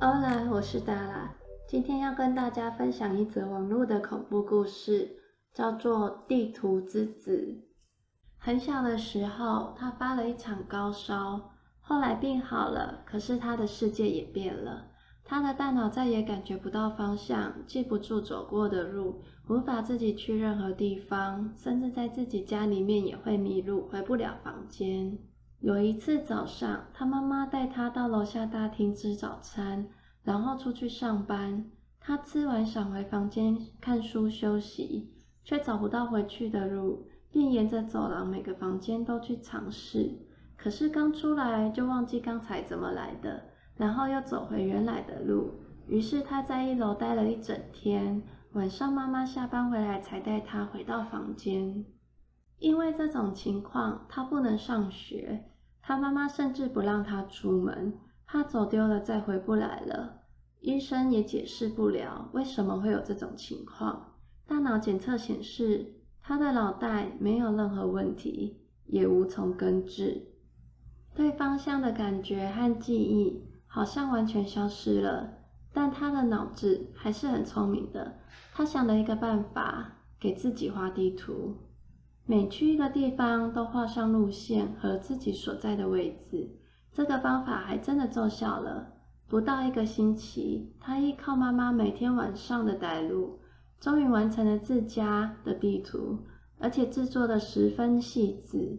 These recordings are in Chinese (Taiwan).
Hola，我是達拉。今天要跟大家分享一則網絡的恐怖故事，叫做《地圖之子》。很小的時候，他發了一場高燒，後來病好了，可是他的世界也變了。他的大腦再也感覺不到方向，記不住走過的路，無法自己去任何地方，甚至在自己家裡面也會迷路，回不了房間。有一次早上，他媽媽帶他到樓下大廳吃早餐，然後出去上班。他吃完想回房間看書休息，卻找不到回去的路，便沿着走廊每個房間都去嘗試。可是剛出來就忘記剛才怎麼來的，然後又走回原來的路。於是他在一樓待了一整天。晚上媽媽下班回來才帶他回到房間。因為這種情況，他不能上學。他媽媽甚至不讓他出門，怕走丟了再回不來了。醫生也解釋不了為什麼會有這種情況。大腦檢測顯示，他的腦袋沒有任何問題，也無從根治。對方向的感覺和記憶好像完全消失了，但他的腦子還是很聰明的。他想了一個辦法，給自己畫地圖。每去一個地方，都畫上路線和自己所在的位置。這個方法還真的奏效了。不到一個星期，他依靠媽媽每天晚上的帶路，終於完成了自家的地圖，而且製作得十分細緻。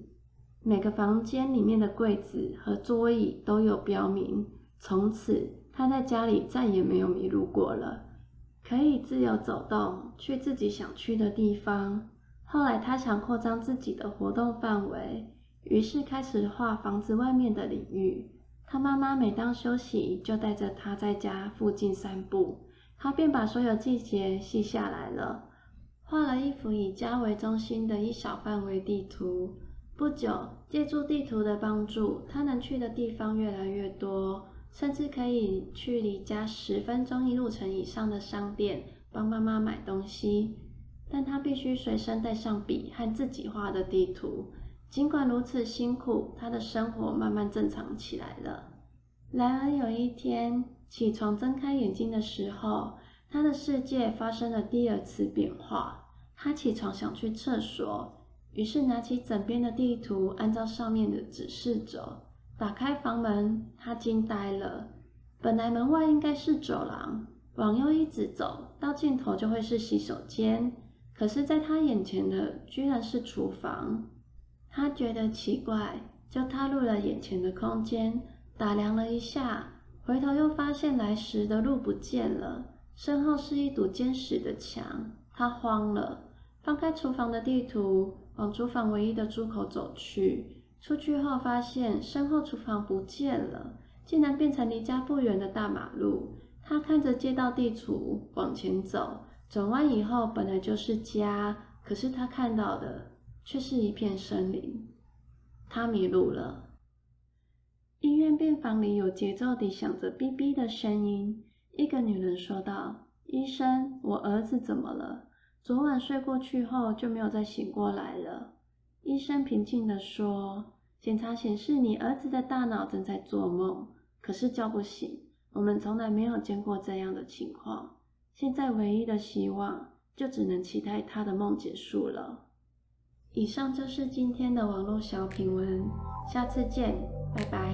每個房間裡面的櫃子和桌椅都有標明。從此，他在家裡再也沒有迷路過了，可以自由走動，去自己想去的地方。後來，他想擴張自己的活動範圍，於是開始畫房子外面的領域。他媽媽每當休息，就帶着他在家附近散步，他便把所有季節記下來了，畫了一幅以家為中心的一小範圍地圖。不久，借助地圖的幫助，他能去的地方越來越多，甚至可以去離家十分鐘一路程以上的商店，幫媽媽買東西。但他必須隨身帶上筆和自己畫的地圖。儘管如此辛苦，他的生活慢慢正常起來了。然而有一天起床睜開眼睛的時候，他的世界發生了第二次變化。他起床想去廁所，於是拿起枕邊的地圖，按照上面的指示走。打開房門，他驚呆了。本來門外應該是走廊，往右一直走到盡頭就會是洗手間。可是，在他眼前的居然是廚房，他覺得奇怪，就踏入了眼前的空間，打量了一下，回頭又發現來時的路不見了，身後是一堵堅實的牆，他慌了，翻開廚房的地圖，往廚房唯一的出口走去，出去後發現身後廚房不見了，竟然變成離家不遠的大馬路，他看着街道地圖往前走。轉彎以後本來就是家，可是他看到的卻是一片森林。他迷路了。醫院病房裡有節奏地響着嗶嗶的聲音。一個女人說道：“醫生，我兒子怎麼了？昨晚睡過去後就沒有再醒過來了。”醫生平靜地說：“檢查顯示你兒子的大腦正在做夢，可是叫不醒。我們從來沒有見過這樣的情況。”現在唯一的希望，就只能期待他的夢結束了。以上就是今天的網絡小品文，下次見，拜拜。